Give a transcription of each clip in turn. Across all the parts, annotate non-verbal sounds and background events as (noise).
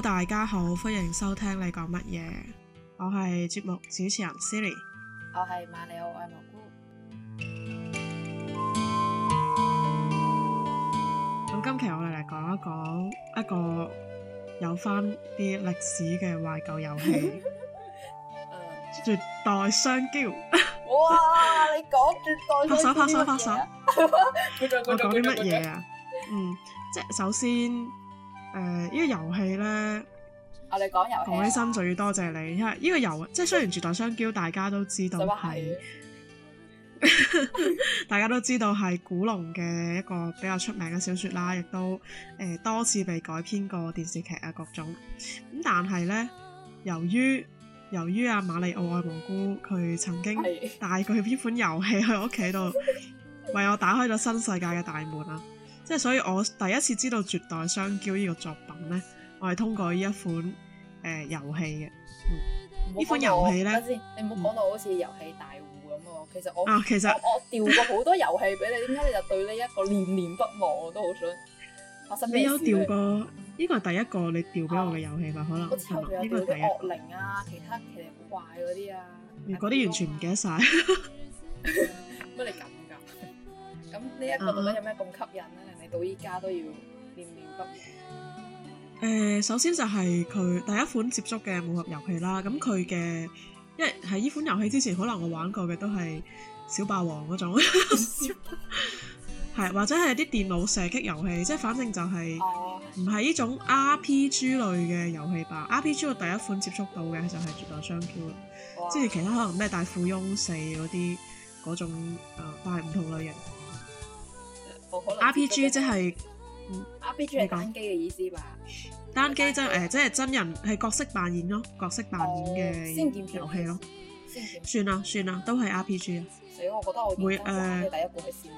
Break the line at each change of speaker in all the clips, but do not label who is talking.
大家好，歡迎收聽你講乜嘢？我係節目主持人 Siri，
我係馬里奧愛蘑菇。
咁今期我哋嚟講一講一個有翻啲歷史嘅懷舊遊戲，誒，絕代雙驕。
哇！你講絕代雙驕啊？拍手拍手
拍手！我講啲乜嘢啊？嗯，
即
係首先。誒，呢、呃這個遊戲咧，我
哋講遊戲講起身
就要多謝，謝你，因為呢個遊戲即係雖然《絕代雙驕》，大家都知道係， (laughs) (laughs) 大家都知道係古龍嘅一個比較出名嘅小說啦，亦都誒、呃、多次被改編過電視劇啊各種。咁但係咧，由於由於阿馬里奧愛蘑菇，佢、嗯、曾經帶佢呢款遊戲去我屋企度，為我打開咗新世界嘅大門啊！即係所以，我第一次知道《絕代雙驕》呢個作品咧，我係通過呢一款誒遊戲嘅。嗯，呢款遊戲咧，你
唔好講到好似遊戲大戶咁喎。其實我啊，其實我調過好多遊戲俾你，點解你就對呢一個念念不忘？我都好想發生。你有調過
呢個係第一個你調俾我嘅遊戲吧？可能呢個第一惡靈
啊，其他奇奇怪
嗰啲啊，嗰啲完全唔記得晒。
乜你講？咁呢一個到底有咩咁吸引咧？Uh huh. 你
到依家都要念念不忘。誒、uh huh. 呃，首先就係佢第一款接觸嘅武俠遊戲啦。咁佢嘅，因為喺呢款遊戲之前，可能我玩過嘅都係小霸王嗰種， (laughs) (laughs) 或者係啲電腦射擊遊戲，即係反正就係唔係呢種 RPG 類嘅遊戲吧。Uh huh. RPG 我第一款接觸到嘅就係《絕代雙驕》啦、huh.，之前其他可能咩《大富翁四》嗰啲嗰種誒，都係唔同類型。RPG 即係
RPG 係單機嘅意思吧？
單機即係誒，即係真人係角色扮演咯，角色扮演嘅遊戲咯。算啦，算啦，都係 RPG，嗯。所以我覺
得我會誒第
一步係仙劍。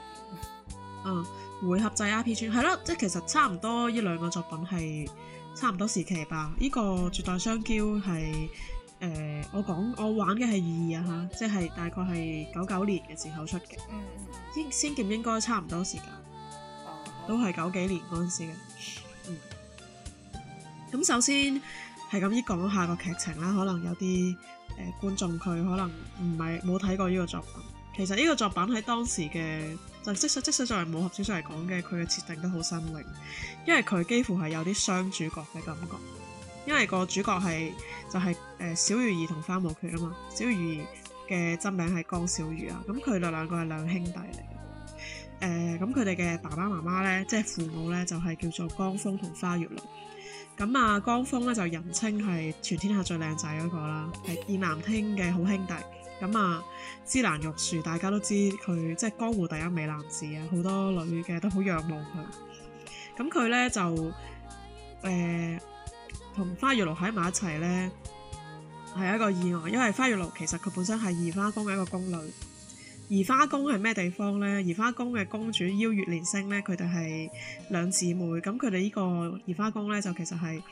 嗯，呃啊，回合制 RPG 係咯，即係其實差唔多呢兩個作品係差唔多時期吧。呢，這個絕雙《絕代雙驕》係誒，我講我玩嘅係二啊吓，嗯，即係大概係九九年嘅時候出嘅。嗯嗯，仙仙劍應該差唔多時間。都係九幾年嗰陣時嘅，嗯。咁首先係咁依講下個劇情啦，可能有啲誒、呃、觀眾佢可能唔係冇睇過呢個作品。其實呢個作品喺當時嘅就是、即使即使作為武俠小說嚟講嘅，佢嘅設定都好新穎，因為佢幾乎係有啲雙主角嘅感覺，因為個主角係就係、是、誒、呃、小魚兒同花無缺啊嘛。小魚兒嘅真名係江小魚啊，咁佢哋兩個係兩兄弟嚟，誒咁佢哋嘅爸爸媽媽咧，即係父母咧，就係、是、叫做江楓同花月奴。咁、嗯、啊，江楓咧就人稱係全天下最靚仔嗰個啦，係燕南天嘅好兄弟。咁、嗯、啊，芝蘭玉樹大家都知佢即係江湖第一美男子啊，好多女嘅都好仰慕佢。咁佢咧就誒同、呃、花月奴喺埋一齊咧，係一個意外，因為花月奴其實佢本身係移花宮嘅一個宮女。移花宮係咩地方咧？移花宮嘅公主邀月連星咧，佢哋係兩姊妹咁，佢哋呢個移花宮咧就其實係誒、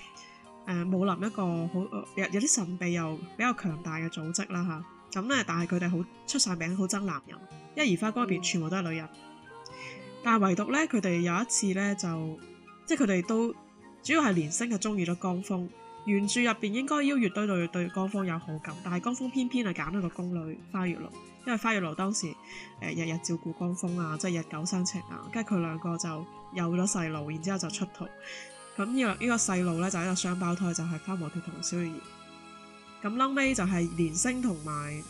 呃、武林一個好有有啲神秘又比較強大嘅組織啦嚇。咁咧，但係佢哋好出晒名，好憎男人，因為移花宮入邊全部都係女人，但係唯獨咧佢哋有一次咧就即係佢哋都主要係連星係中意咗江楓。原著入邊應該邀月對對江峰有好感，但係江峰偏偏係揀咗個宮女花月奴，因為花月奴當時誒、呃、日日照顧江峰啊，即係日久生情啊，跟住佢兩個就有咗細路，然之後就出逃。咁呢個依個細路咧就係一個雙胞胎，就係花無缺同小魚兒。咁後尾就係連星同埋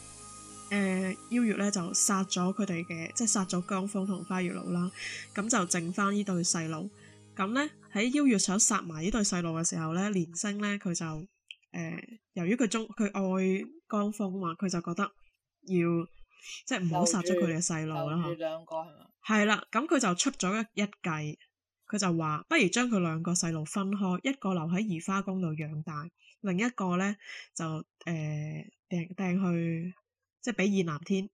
誒邀月咧就殺咗佢哋嘅，即係殺咗江峰同花月奴啦。咁就剩翻呢對細路。咁咧喺邀月想殺埋呢對細路嘅時候咧，憐星咧佢就誒，由於佢中佢、嗯、愛江楓嘛，佢就覺得要即係唔好殺咗佢哋嘅細路啦嚇，
兩個係嘛。
係啦，咁佢就出咗一,一計，佢就話不如將佢兩個細路分開，一個留喺移花宮度養大，另一個咧就誒掟掟去即係俾燕南天。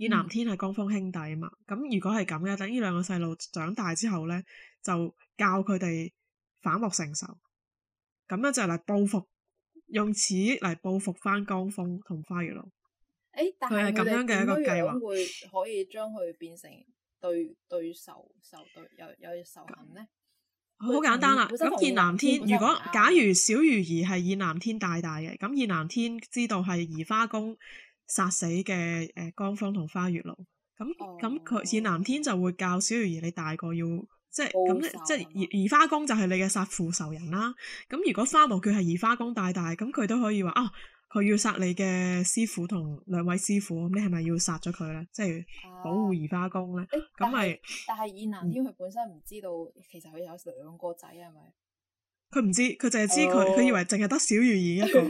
燕南天係江峰兄弟啊嘛，咁、嗯、如果係咁嘅，等呢兩個細路長大之後咧，就教佢哋反目成仇，咁咧就嚟報復，用此嚟報復翻江峰同花月
樓。誒、欸，但係佢哋點樣會可以將佢變成對對仇仇對，有有仇恨咧？好會簡單啦、啊，咁燕南天。會會如果假如
小魚兒係燕南天大大嘅，咁燕南天知道係移花宮。殺死嘅誒，江楓，同花月奴，咁咁佢燕南天就會教小魚兒你大個要即係咁，咧，即係移花宮就係你嘅殺父仇人啦。咁如果花無缺佢係移花宮帶大，咁佢都可以話啊，佢要殺你嘅師父同兩位師父，咁你係咪要殺咗佢咧？即係保護移花宮咧？咁咪。
但係燕南天佢本身唔知道，其實佢有兩個仔係咪？
佢唔知，佢淨係知佢，佢以為淨係得小魚兒一個。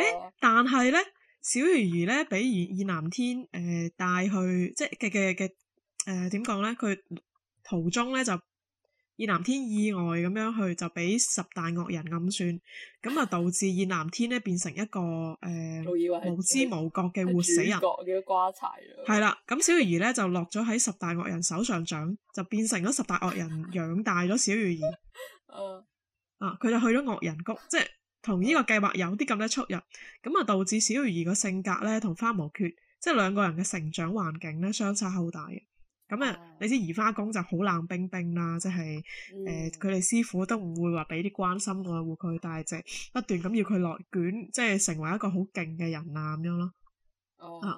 誒，但係咧。小魚
兒咧，俾燕燕南天，誒、呃、帶去，即係嘅嘅嘅，誒點講咧？佢、呃、途中咧就燕南天意外咁樣去，就俾十大惡人暗算，咁啊導致燕南天咧變成一個誒、呃、無知無覺嘅活死人。主
角嘅瓜柴咗。
係啦，咁小魚兒咧就落咗喺十大惡人手上掌，就變成咗十大惡人養大咗小魚兒。 (laughs) 啊，佢、啊、就去咗惡人谷，即係。同呢個計劃有啲咁嘅出入，咁啊，導致小魚兒個性格咧同花無缺，即係兩個人嘅成長環境咧相差好大嘅。咁啊、嗯，你知移花宮就好冷冰冰啦，即係誒佢哋師傅都唔會話俾啲關心愛護佢，但係不斷咁要佢落捲，即係成為一個好勁嘅人啊咁樣咯。哦、啊，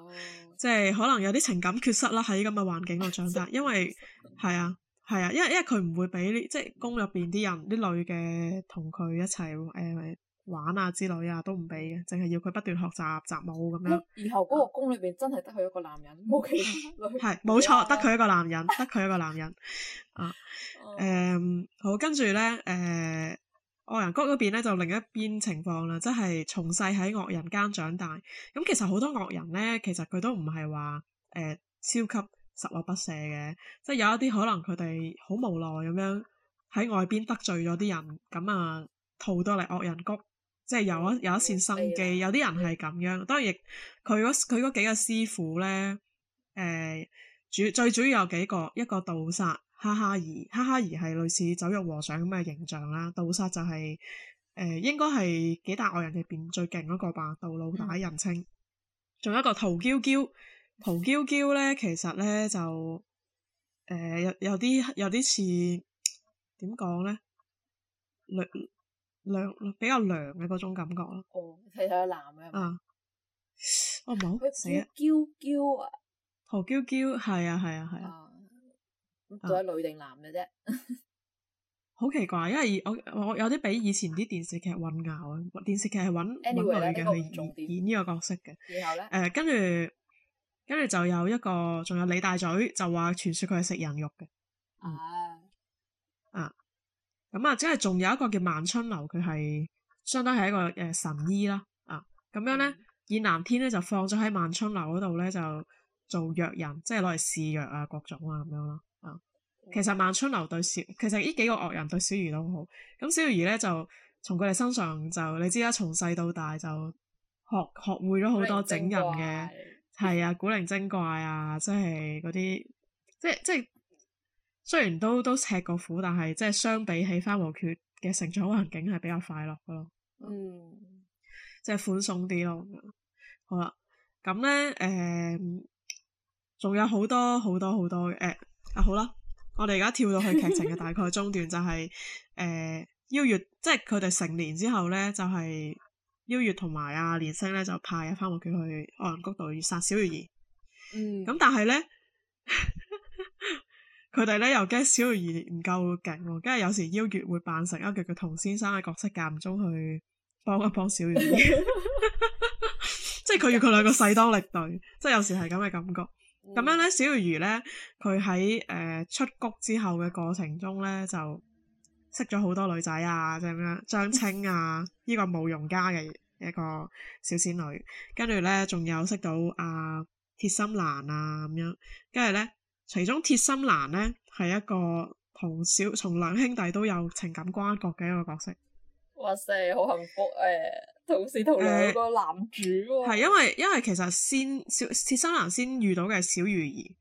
即係可能有啲情感缺失啦。喺咁嘅環境度長大， (laughs) 因為係 (laughs) 啊係啊，啊，因為、啊、因為佢唔會俾即係宮入邊啲人啲女嘅同佢一齊誒。呃呃呃玩啊之類啊都唔俾嘅，淨係要佢不斷學習習武咁樣。然
後嗰個宮裏邊真係得佢一個男人，冇其係，冇錯，得佢、啊、一
個男人，得佢 (laughs) 一個男人。啊，誒、嗯嗯，好，跟住咧，誒、呃，惡人谷嗰邊咧就另一邊情況啦，即係從細喺惡人間長大。咁、嗯、其實好多惡人咧，其實佢都唔係話誒超級十惡不赦嘅，即係有一啲可能佢哋好無奈咁樣喺外邊得罪咗啲人，咁啊逃到嚟惡人谷。嗯嗯即係有一、嗯、有一線生機，嗯、有啲人係咁樣，當然佢嗰佢嗰幾個師父咧，誒、呃、主最主要有幾個，一個杜殺哈哈兒，哈哈兒係類似酒肉和尚咁嘅形象啦，杜殺就係、是、誒、呃、應該係幾大外人入邊最勁嗰個吧，杜老大人稱，仲、嗯、有一個屠嬌嬌，屠嬌嬌咧其實咧就誒、呃、有有啲有啲似點講咧，女。涼比較涼嘅嗰種感覺咯、哦啊。
哦，睇睇個男嘅
啊，我唔好。佢叫嬌啊，陶嬌嬌，係啊係啊係啊。咁
到底女定男嘅啫？
(laughs) 好奇怪，因為我我有啲比以前啲電視劇混淆嘅，電視劇係 Anyway, 揾女嘅去演呢個角色嘅。然後咧？誒、啊，跟住跟住就有一個，仲有李大嘴，就話傳說佢係食人肉嘅。啊啊！啊咁啊，即係仲有一個叫萬春流，佢係相當係一個誒、呃、神醫啦，啊，咁樣咧，燕南天咧就放咗喺萬春流嗰度咧，就做藥人，即係攞嚟試藥啊，各種啊咁樣咯，啊，嗯、其實萬春流對小，其實呢幾個惡人對小魚都好好，咁小魚咧就從佢哋身上就，你知啦，從細到大就學學會咗好多整人嘅，係 (laughs) 啊，古靈精怪啊，即係嗰啲，即即。雖然都都吃過苦，但係即係相比起花無缺嘅成長環境係比較快樂噶咯，嗯，mm. 即係寬鬆啲咯。好啦，咁咧誒，仲、呃、有多多多、呃啊、好多好多好多誒啊好啦，我哋而家跳到去劇情嘅大概中段就係誒邀月，即係佢哋成年之後咧，就係邀月同埋阿憐星咧就派阿花無缺去惡人谷度殺小魚兒，嗯、
mm.，
咁但係咧。佢哋咧又驚小魚兒唔夠勁，跟住有時邀月會扮成一個佢童先生嘅角色，間唔中去幫一幫小魚兒， (laughs) (laughs) (laughs) 即係佢要佢兩個勢當力對，即係有時係咁嘅感覺。咁、嗯、樣咧，小魚兒咧，佢喺誒出谷之後嘅過程中咧，就識咗好多女仔啊，即係咁樣張青啊，呢 (laughs) 個慕容家嘅一個小仙女，跟住咧仲有識到啊、呃、鐵心蘭啊咁樣，跟住咧。其中鐵心蘭咧係一個同小從兩兄弟都有情感瓜葛嘅一個角色。
哇塞，好幸福誒、呃！同時同兩個男主，啊。係、呃、因為
因為其實先小鐵心蘭先遇到嘅小魚兒，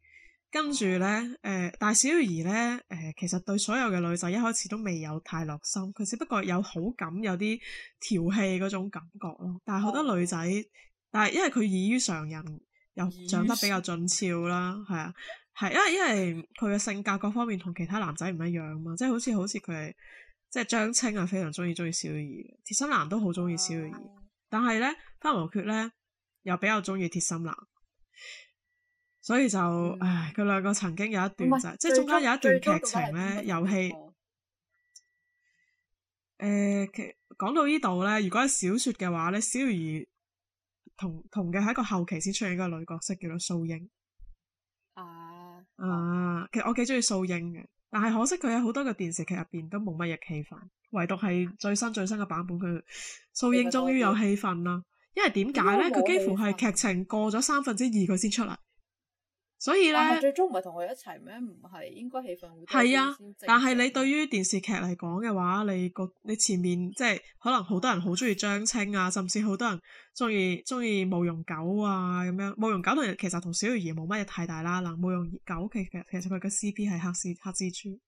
跟住咧誒，但係小魚兒咧誒、呃，其實對所有嘅女仔一開始都未有太落心，佢只不過有好感，有啲調戲嗰種感覺咯。但係好多女仔，哦、但係因為佢異於常人，又長得比較俊俏啦，係啊、哦。嗯係，因為因為佢嘅性格各方面同其他男仔唔一樣啊嘛，即係好似好似佢係即係張青啊，非常中意中意小魚兒，鐵心蘭都好中意小魚兒，啊、但係咧花無缺咧又比較中意鐵心蘭，所以就、嗯、唉佢兩個曾經有一段就是、即係中間有一段劇情咧遊戲，誒，講、呃、到呢度咧，如果係小說嘅話咧，小魚兒同同嘅係一個後期先出現嘅女角色叫做蘇英啊。啊，其實我幾鍾意蘇櫻嘅，但係可惜佢喺好多嘅電視劇入邊都冇乜嘢戲份，唯獨係最新最新嘅版本佢蘇櫻終於有戲份啦，因為點解咧？佢幾乎係劇情過咗三分之二佢先出嚟。所以咧，最
終唔係同佢一齊咩？唔係應該氣氛會。係啊，但係你
對於電視劇嚟講嘅話，你個你前面即係可能好多人好中意張青啊，甚至好多人中意中意慕容九啊咁樣。慕容九其實同小魚兒冇乜嘢太大啦，嗱，慕容九其實其實佢個 C P 係黑絲黑蜘蛛。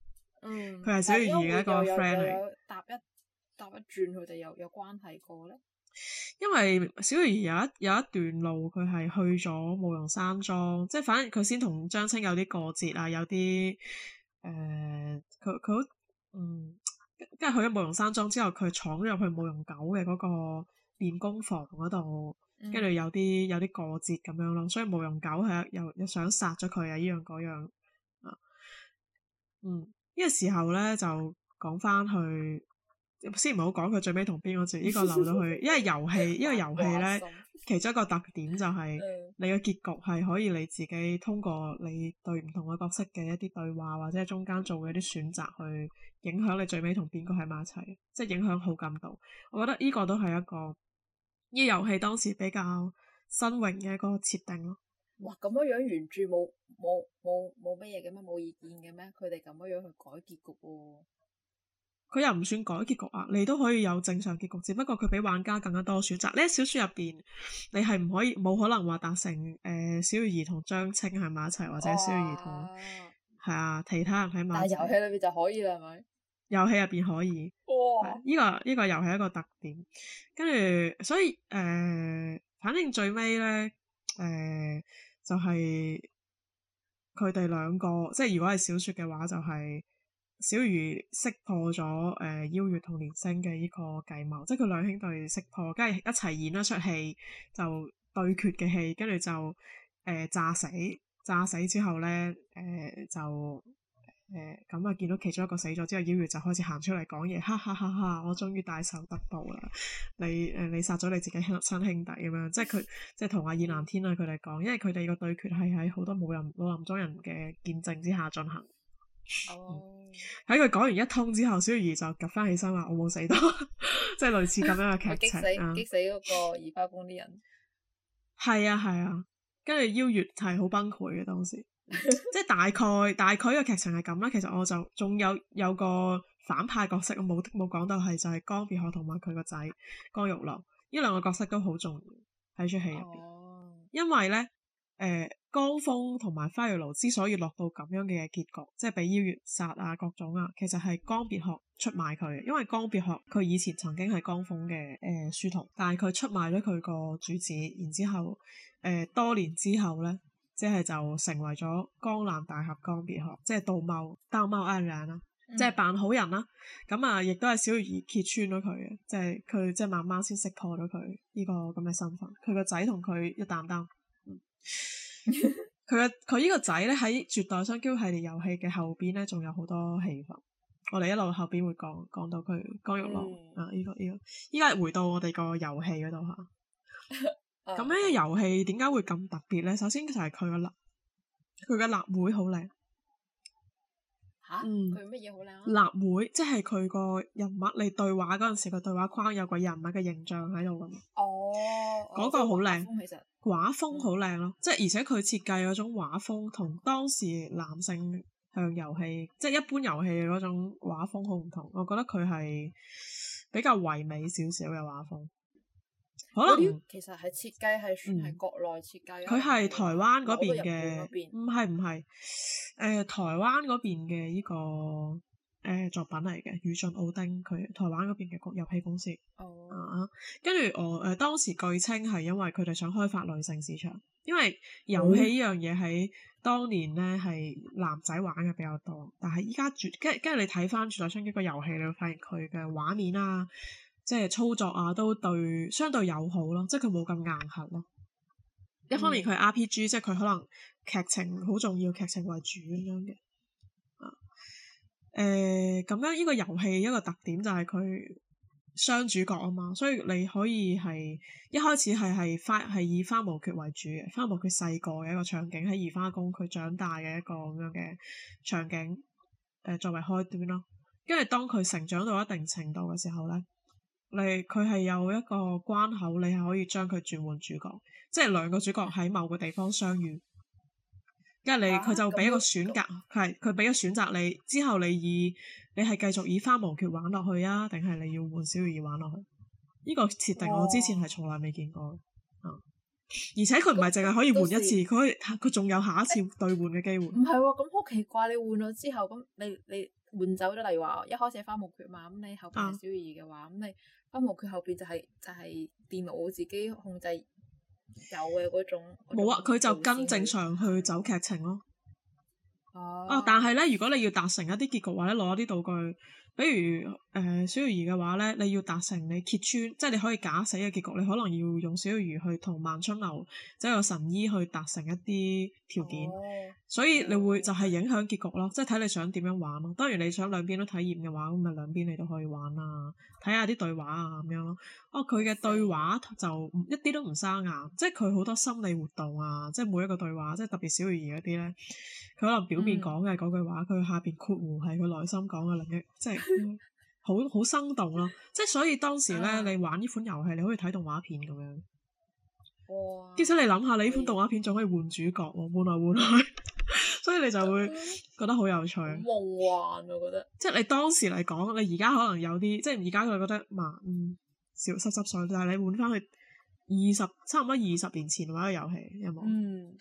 嗯。
佢係小魚兒嘅一個 friend 嚟。搭一搭一轉，佢哋有有，friend 有，有，有，有關係過咧。
因為小魚有一有一段路，佢係去咗慕容山莊，即係反正佢先同張青有啲過節啊，有啲誒，佢佢好嗯，跟住去咗慕容山莊之後，佢闖咗入去慕容九嘅嗰個練功房嗰度，跟住、嗯、有啲有啲過節咁樣咯，所以慕容九係又又想殺咗佢啊，呢樣嗰樣啊，嗯，呢、這個時候咧就講翻去。先唔好講佢最尾同邊個住，呢個留到去。因為遊戲 (laughs) 因為遊戲咧， (laughs) 其中一個特點就係你嘅結局係可以你自己通過你對唔同嘅角色嘅一啲對話，或者係中間做嘅一啲選擇去影響你最尾同邊個喺埋一齊，即係影響好感度。我覺得呢個都係一個呢個遊戲當時比較新穎嘅一個設定咯。
哇，咁樣樣原著冇冇冇冇咩嘢嘅咩，冇意見嘅咩？佢哋咁樣樣去改結局喎。
佢又唔算改結局啊，你都可以有正常結局，只不過佢比玩家更加多選擇。呢小說入邊，你係唔可以，冇可能話達成誒，小魚兒同張青係埋一齊，或者小魚兒同係啊其他人喺埋。但係遊戲裏
邊就可以啦，係咪？
遊戲入邊可以。哇！
呢、
啊這個呢、這個又係一個特點。跟住，所以誒、呃，反正最尾咧，誒、呃，就係佢哋兩個，即係如果係小說嘅話、就是，就係。小魚識破咗誒，邀月同連星嘅呢個計謀，即係佢兩兄弟識破，跟住一齊演一出戲就對決嘅戲，跟住就誒、呃、炸死，炸死之後咧誒、呃、就誒咁啊見到其中一個死咗之後，邀月就開始行出嚟講嘢，哈哈哈哈，我終於大仇得報啦！你誒、呃、你殺咗你自己親兄弟咁樣，即係佢即係同阿燕南天啊佢哋講，因為佢哋個對決係喺好多武林武林中人嘅見證之下進行。哦，喺佢講完一通之後，小魚兒就 𥄫 翻起身話：我冇死到，即係類似咁樣嘅劇情激 (laughs)
死嗰個移花宮啲人，
係啊係啊，跟住邀月係好崩潰嘅當時，即係大概 (laughs) 大概，大概個劇情係咁啦。其實我就仲有有個反派角色，我冇冇講到係就係、是、江別鶴同埋佢個仔江玉郎，呢兩個角色都好重要喺出戲入邊，面 oh。因為咧誒。呃江峰同埋花月奴之所以落到咁樣嘅結局，即係俾邀月殺啊，各種啊，其實係江別鶴出賣佢，因為江別鶴佢以前曾經係江峰嘅誒、呃、書童，但係佢出賣咗佢個主子，然之後誒、呃、多年之後咧，即係就成為咗江南大俠江別鶴，即係杜貓盜貓阿娘啦，嗯、即係扮好人啦，咁啊亦都係小魚揭穿咗佢嘅，即係佢即係慢慢先識破咗佢呢個咁嘅身份，佢個仔同佢一擔擔。嗯佢嘅佢呢個仔咧喺《絕代雙驕》系列遊戲嘅後邊咧，仲有好多戲份。我哋一路後邊會講講到佢江玉郎、嗯、啊，呢個呢個。依家係回到我哋個遊戲嗰度吓，咁樣嘅遊戲點解會咁特別咧？首先就係佢個立，佢嘅立會好靚。
嚇！佢乜嘢好靚啊？立
繪即係佢個人物，你對話嗰陣時，個對話框有個人物嘅形象喺度噶嘛？哦，嗰個好靚，
其
實畫風好靚咯，嗯、即係而且佢設計嗰種畫風同當時男性向遊戲，即係一般遊戲嘅嗰種畫風好唔同。我覺得佢係比較唯美少少嘅畫風。可能
其實係設計係算係國內設計。
佢係、嗯、台灣嗰邊嘅，唔係唔係，誒、呃、台灣嗰邊嘅依、這個誒、呃、作品嚟嘅，宇峻奧汀，佢台灣嗰邊嘅個遊戲公司。哦。跟住、啊、我誒、呃、當時據稱係因為佢哋想開發女性市場，因為遊戲呢樣嘢喺當年咧係男仔玩嘅比較多，但係依家絕跟跟住你睇翻《絕代雙驕》個遊戲，你會發現佢嘅畫面啦、啊。即係操作啊，都對相對友好咯，即係佢冇咁硬核咯。一、嗯、方面佢係 RPG，即係佢可能劇情好重要，劇情為主咁樣嘅。啊、嗯，誒、呃、咁樣呢、這個遊戲一個特點就係佢雙主角啊嘛，所以你可以係一開始係係花係以花無缺為主嘅，花無缺細個嘅一個場景喺移花宮佢長大嘅一個咁樣嘅場景，誒、呃、作為開端咯。因為當佢成長到一定程度嘅時候咧。你佢係有一個關口，你係可以將佢轉換主角，即係兩個主角喺某個地方相遇，跟住你佢，啊、就俾一個選擇，佢係佢俾一個選擇你，之後你以你係繼續以花無缺玩落去啊，定係你要換小魚兒玩落去？呢，呢個設定我之前係從來未見過，啊、哦嗯！而且佢唔係淨係可以換一次，佢可以佢仲有下一次兌換嘅機會。唔
係喎，咁好、哦、奇怪！你換咗之後，咁你你。你你你換走咗，例如話一開始係花無缺嘛，咁你後邊係小二嘅話，咁你花無缺後邊就係就係電腦自己控制有嘅嗰種。
冇啊，佢就跟正常去走劇情咯。
哦。啊，啊，
但係咧，如果你要達成一啲結局或者攞一啲道具。比如誒、呃、小魚兒嘅話咧，你要達成你揭穿，即係你可以假死嘅結局，你可能要用小魚兒去同萬春樓即係個神醫去達成一啲條件，所以你會就係影響結局咯，即係睇你想點樣玩咯。當然你想兩邊都體驗嘅話，咁咪兩邊你都可以玩啊，睇下啲對話啊咁樣咯。哦，佢嘅對話就一啲都唔生硬，即係佢好多心理活動啊，即係每一個對話，即係特別小魚兒嗰啲咧，佢可能表面講嘅嗰句話，佢、嗯、下邊括弧係佢內心講嘅另一即係。 (laughs) 好好生動咯，即係所以當時咧、啊，你玩呢款遊戲，你可以睇動畫片咁樣。哇！其實你諗下，你呢款動畫片仲可以換主角，換來換去， (laughs) 所以你就會覺得好有趣。
夢幻我覺得，
即係你當時嚟講，你而家可能有啲，即係而家佢覺得嗯，小、濕濕碎，但係你換翻去二十，差唔多二十年前玩嘅遊戲有冇？嗯。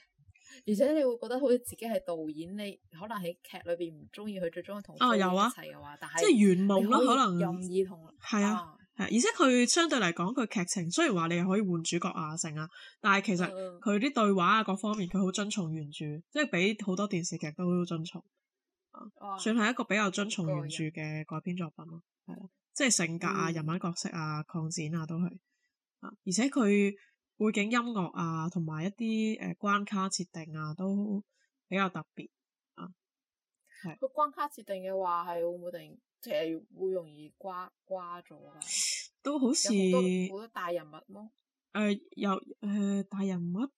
而且你會覺得好似自己係導演，你可能喺劇裏邊唔中意佢，最中意同佢一齊嘅話，啊啊、但係是即係
圓夢咯，可，可能任意同係啊，係、啊啊。而且佢相對嚟講，佢劇情雖然話你又可以換主角啊、成啊，但係其實佢啲對話啊各方面，佢好遵從原著，即係比好多電視劇都好遵從，啊、算係一個比較遵從原著嘅改編作品咯，係啦、嗯，人即係性格啊、人物角色啊、擴展啊都係啊，而且佢。背景音樂啊，同埋一啲誒、呃、關卡設定啊，都比較特別啊。
係。個關卡設定嘅話係會唔會定其實會容易瓜瓜咗啊？都好似
有好多好
多大人物咯。
誒、呃，有誒、呃、大人物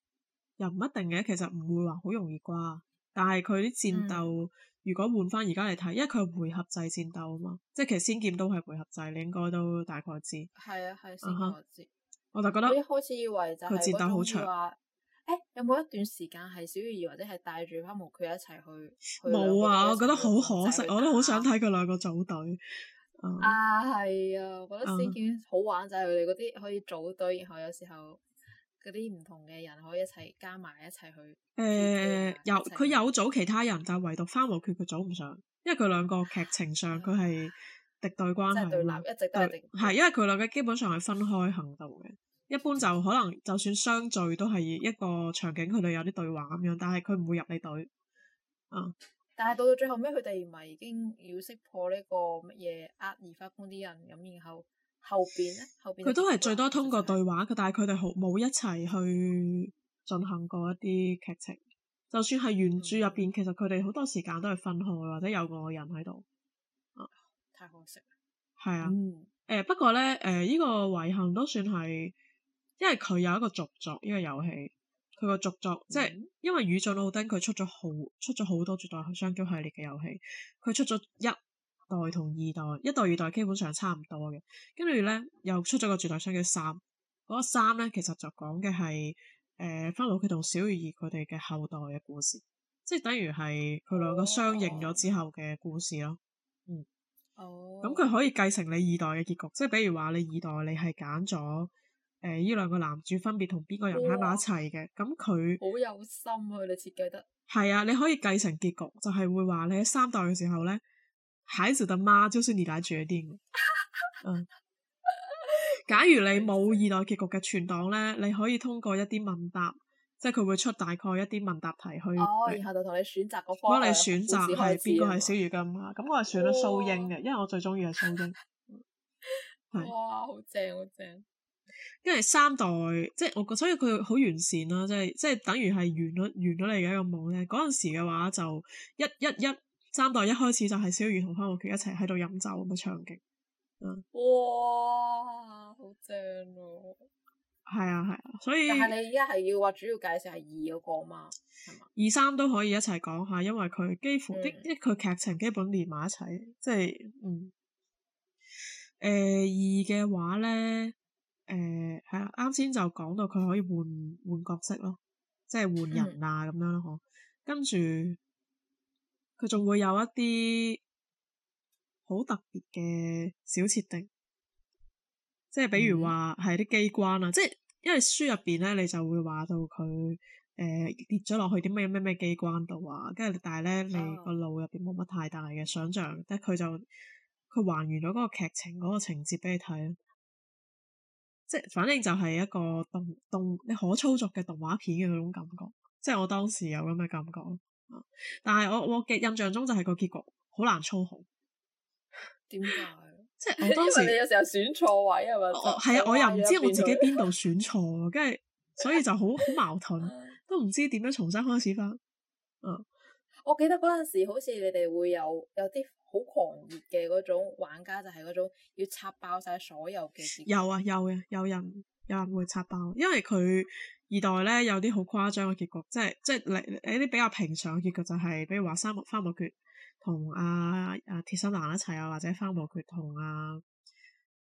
又唔一定嘅，其實唔會話好容易瓜。但係佢啲戰鬥、嗯、如果換翻而家嚟睇，因為佢係回合制戰鬥啊嘛，即係其實《仙劍》都係回合制，你應該都大概知。
係啊，係仙劍我知。我就覺得，我一開始以為就係好似話，誒，有冇一段時間係小魚兒或者係帶住花無缺一齊去？冇
啊，我覺得好可惜，我都好想睇佢兩個組隊。
啊，係啊，我覺得仙劍好玩就係佢哋嗰啲可以組隊，然後有時候嗰啲唔同嘅人可以一齊加埋一齊去。
誒，有佢有組其他人，但係唯獨花無缺佢組唔上，因為佢兩個劇情上佢係。敵對關係咯，一直都係，係因為佢兩嘅基本上係分開行動嘅，一般就、嗯、可能就算相聚都係一個場景，佢哋有啲對話咁樣，但係佢唔會入你隊。
嗯，但係到到最後屘，佢哋唔係已經要識破呢個乜嘢厄移花宮啲人咁，然後後邊咧，後邊佢都係最
多通過對話，佢、嗯、但係佢哋好冇一齊去進行過一啲劇情。就算係原著入邊，嗯、其實佢哋好多時間都係分開，或者有個人喺度。太可惜，係啊，誒、嗯呃，不過咧，誒、呃，呢、這個遺憾都算係，因為佢有一個續作，呢、這個遊戲，佢個續作，嗯、即係因為宇峻奧汀佢出咗好出咗好多《絕代雙驕》系列嘅遊戲，佢出咗一代同二代，一代二代基本上差唔多嘅，跟住咧又出咗個《絕代雙驕》三，嗰、那個三咧其實就講嘅係，誒、呃，花無缺同小魚兒佢哋嘅後代嘅故事，即係等於係佢兩個相認咗之後嘅故事咯，哦、嗯。咁佢、哦、可以繼承你二代嘅結局，即係比如話你二代你係揀咗誒呢兩個男主分別同邊個人喺埋一齊嘅，咁佢哇他好
有心啊！佢哋設計得
係啊，你可以繼承結局，就係、是、會話你喺三代嘅時候咧，喺住阿媽招先兒解住一啲。嗯、 (laughs) 假如你冇二代結局嘅存檔咧，你可以通過一啲問答。即係佢會出大概一啲問答題去，哦、然後
就同你選擇個方向。如果你選擇係邊個係小
魚嘅嘛？咁我係選咗蘇英嘅，哇因為我最中意係蘇英。
(laughs) 是哇！好正好正，因
為三代即係我覺，所以佢好完善啦，即係即係等於係圓咗圓咗你而家個夢咧。嗰陣時嘅話就一一一,一三代一開始就係小魚同花無缺一齊喺度飲酒咁嘅場景。
嗯，哇！
好正喎、啊、～
係啊係啊，所以但
係你而家係要話主要介紹係二嗰個嘛？
二三都可以一齊講下，因為佢幾乎啲啲佢劇情基本連埋一齊，即係嗯，誒、呃、二嘅話咧，誒、呃、係啊，啱先就講到佢可以換換角色咯，即係換人啊咁、嗯、樣咯嗬，跟住佢仲會有一啲好特別嘅小設定。即係比如話，係啲機關啊，嗯、即係因為書入邊咧，你就會話到佢誒跌咗落去啲咩咩咩機關度啊，跟住但係咧你個腦入邊冇乜太大嘅想象，即係佢就佢還原咗嗰個劇情嗰個情節俾你睇咯，即係反正就係一個動動你可操作嘅動畫片嘅嗰種感覺，即係我當時有咁嘅感覺，但係我我嘅印象中就係個結局好難操控。
點解？ (laughs) 即係我當時， (laughs) 你有時候選錯位係咪？因為我係啊，就我又唔是知我自己邊
度選錯，跟住所以就好好矛盾， (laughs) 都唔知點樣重新開始翻。嗯，
我記得嗰陣時好似你哋會有有啲好狂熱嘅嗰種玩家，就係、是、嗰種要拆爆晒所有嘅、啊。有啊有嘅，
有人有人，有人會拆爆，因為佢二代咧有啲好誇張嘅結局，即係即係你你啲比較平常嘅結局就係、是，比如話三木三木缺。同阿阿鐵心蘭一齊啊，或者花無缺同阿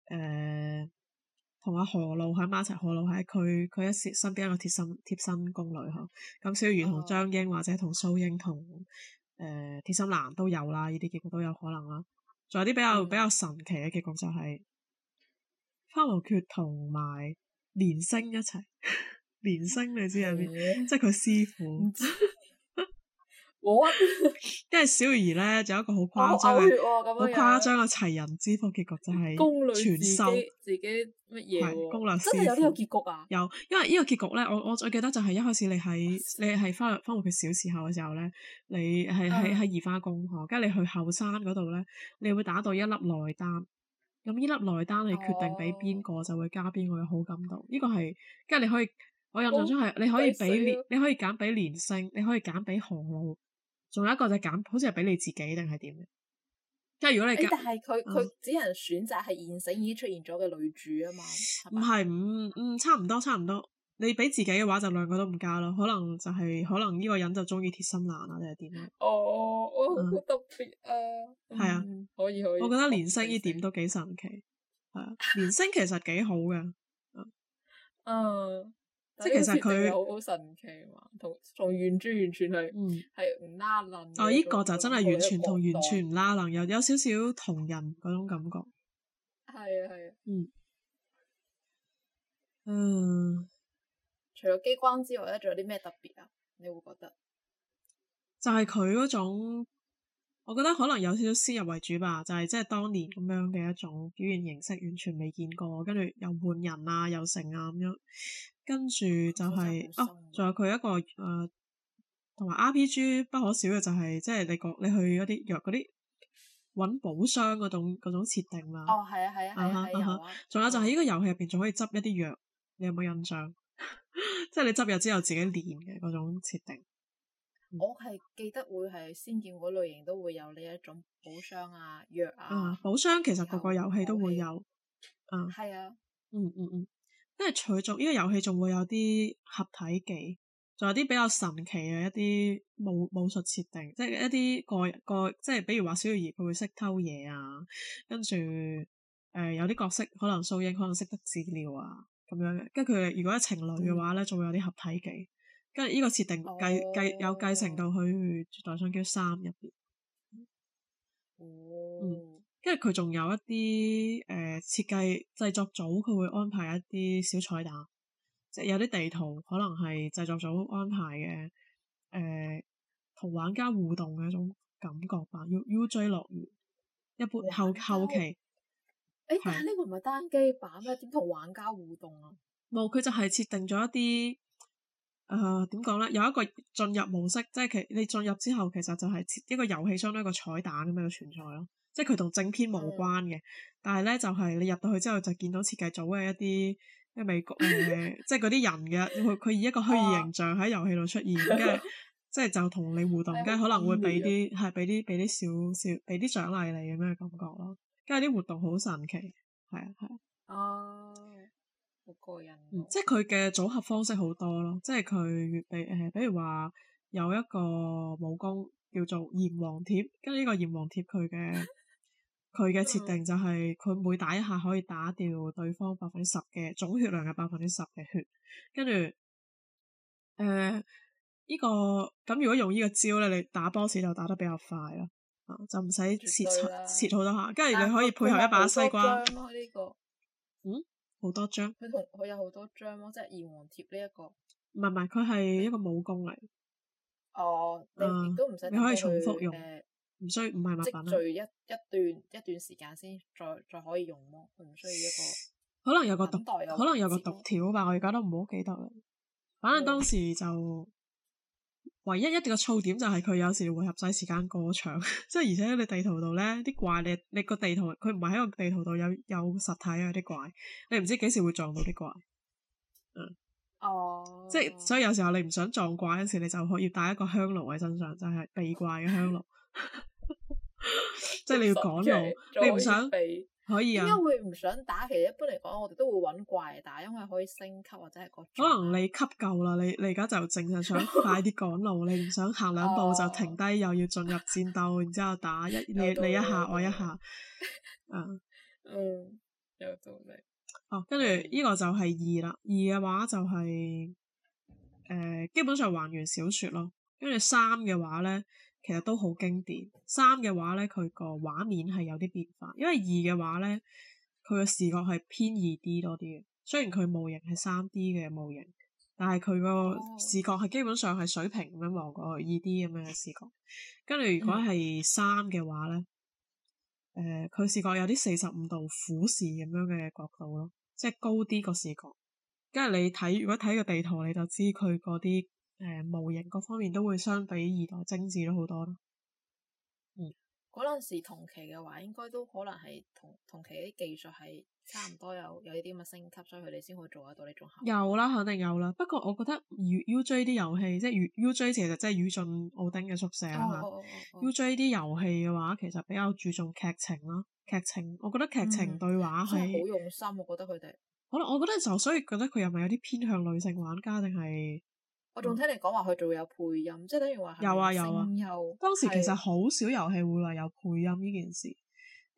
誒同阿何露喺埋一齊，何露喺佢佢一時身邊一個貼心貼身宮女嗬。咁、啊、小魚兒同張英或者同蘇英同誒、呃、鐵心蘭都有啦，呢啲結局都有可能啦。仲有啲比較、嗯、比較神奇嘅結局就係花無缺同埋連星一齊， (laughs) 連星你知喺邊？嗯、即係佢師父。 (laughs) 冇啊！因為小魚兒咧，就有一個好誇張嘅好誇張嘅齊人之福結局，就係宮裏收
自己乜嘢？真係
有呢個結局啊！有，因為呢個結局咧，我我最記得就係一開始你喺你係翻翻回佢小時候嘅時候咧，你係係係移花宮去，跟住你去後山嗰度咧，你會打到一粒內丹。咁呢粒內丹，你決定俾邊個就會加邊個嘅好感度。呢個係跟住你可以，我印象中係你可以俾你可以揀俾憐星，你可以揀俾何璐。仲有一個就係減，好似係俾你自己，定係點？即係如果你、欸、但
係佢佢只能選擇係現世已經出現咗嘅女主啊嘛，
唔係、嗯，唔吧、嗯，嗯，差唔多差唔多。你俾自己嘅話就兩個都唔加咯，可能就係、是、可能呢個人就中意鐵心蘭啊，定係點樣？哦，嗯、好
特別啊！係啊、嗯，可以可以。我覺得
連升呢點都幾神奇，係啊，連升其實幾好嘅，嗯。
嗯即係其實佢好、嗯、神奇嘛，同同原著完全係係唔拉楞、啊。哦，依個就真係完全同完
全唔拉楞，有有少少同人嗰種感覺。係啊，係啊。嗯。嗯、呃。
除咗機關之外咧，仲有啲咩特別啊？你會覺得？
就係佢嗰種，我覺得可能有少少先入為主吧。就係、是、即係當年咁樣嘅一種表現形式，完全未見過。跟住又換人啊，又成啊咁樣。跟住就係哦，仲有佢一個誒，同埋 RPG 不可少嘅就係，即係你講你去一啲藥嗰啲揾寶箱嗰種嗰種設定啦。哦，
係啊，係啊，係
啊，仲有就係呢個遊戲入邊仲可以執一啲藥，你有冇印象？即係 (laughs) 你執藥之後自己練嘅嗰種設定。
我係記得會係仙劍嗰類型都會有呢一種寶箱啊藥啊，啊。
寶箱其實個個遊戲都會有。Uh, 啊。係啊、uh, 係啊。嗯嗯嗯。即係除咗呢個遊戲仲會有啲合體技，仲有啲比較神奇嘅一啲武武術設定，即係一啲個個即係比如話小魚兒佢會識偷嘢啊，跟住誒有啲角色可能蘇英可能識得治療啊咁樣，跟住佢如果係情侶嘅話咧，仲、嗯、會有啲合體技，跟住呢個設定繼繼有繼承到去《絕代雙驕三》入邊、嗯。哦。因為佢仲有一啲誒、呃、設計製作組，佢會安排一啲小彩蛋，即係有啲地圖可能係製作組安排嘅誒，同、呃、玩家互動嘅一種感覺吧。U U J 樂園一般後後期，
誒、欸、但呢個唔係單機版咩？點同是玩家互動啊？
冇、嗯，佢就係設定咗一啲誒點講咧，有一個進入模式，即係其你進入之後，其實就係設一個遊戲相當於，一個彩蛋咁樣嘅存在咯。嗯。即係佢同正片無關嘅，嗯、但係咧就係、是、你入到去之後就見到設計組嘅一啲嘅美國人，即係嗰啲人嘅，佢佢以一個虛擬形象喺遊戲度出現，哇就就跟住即係就同你互動，跟住 (laughs) 可能會俾啲係俾啲俾啲小小俾啲獎勵你咁樣嘅感覺咯，跟住啲活動好神奇，係啊係啊，哦、嗯，
好過癮，
即係佢嘅組合方式好多咯，即係佢俾誒，比如話有一個武功叫做炎黃貼，跟住呢個炎黃貼佢嘅。 (laughs) 佢嘅設定就係佢每打一下可以打掉對方百分之十嘅總血量嘅百分之十嘅血，跟住誒呢個咁如果用呢個招咧，你打 boss 就打得比較快咯，啊、嗯、就唔使切切好多下，跟住你可以配合一把西瓜。啊、多張呢、啊這個，嗯好多張。
佢同佢有好多張咯、啊，即係炎黃貼呢一個。
唔係唔係，佢係一個武功嚟。
哦。都唔使，你可以重複用。呃
唔需，唔係物品啊！積聚一
一段一段時間先，再再可以用咯。佢唔需要一個，可
能有個毒袋，可能有個毒條吧。我而家都唔好記得啦。反正當時就 (laughs) 唯一一個噪點就係佢有時回合晒時間過長，即 (laughs) 係而且你地圖度咧啲怪，你你個地圖，佢唔係喺個地圖度有有實體啊啲怪，你唔知幾時會撞到啲怪。嗯。哦、oh.。即係所以有時候你唔想撞怪嗰時，你就可以帶一個香爐喺身上，就係、是、避怪嘅香爐。Oh. (laughs) (laughs) 即係你要趕路，你唔想可以啊？點解
會唔想打？其實一般嚟講，我哋都會揾怪打，但係因為可以升級或者係各
種、啊。可能你吸夠啦，你你而家就淨係想快啲趕路， (laughs) 你唔想行兩步就停低，哦、又要進入戰鬥，然之後打一 (laughs) 理你你一下我一下。嗯、 (laughs) 啊、嗯，
有道理。
哦、啊，跟住呢個就係二啦，二嘅話就係、是、誒、呃，基本上還原小說咯。跟住三嘅話咧。其實都好經典。三嘅話咧，佢個畫面係有啲變化，因為二嘅話咧，佢個視覺係偏二 D 多啲嘅。雖然佢模型係三 D 嘅模型，但係佢個視覺係基本上係水平咁樣望個二 D 咁樣嘅視覺。跟住如果係三嘅話咧，誒，佢視覺有啲四十五度俯視咁樣嘅角度咯，即係高啲個視角。跟住、嗯呃、你睇，如果睇個地圖你就知佢嗰啲。誒、呃，模型各方面都會相比二代精致咗好多。嗯，
嗰陣時同期嘅話，應該都可能係同同期啲技術係差唔多有， (laughs) 有有呢啲咁嘅升級，所以佢哋先可以做得到呢種效
果。有啦，肯定有啦。不過我覺得 U U J 啲遊戲即係 U J，其實即係宇峻奧汀嘅宿舍啦嘛。Oh, oh,
oh,
oh, oh. U J 啲遊戲嘅話，其實比較注重劇情咯，劇情。我覺得劇情對話係
好、嗯、用心，我覺得佢哋
可能我覺得就所以覺得佢又咪有啲偏向女性玩家定係？
嗯、我仲聽你講話佢仲有配音，嗯、即係等於話有啊、有。當時其實
好少遊戲會話有配音呢件事，的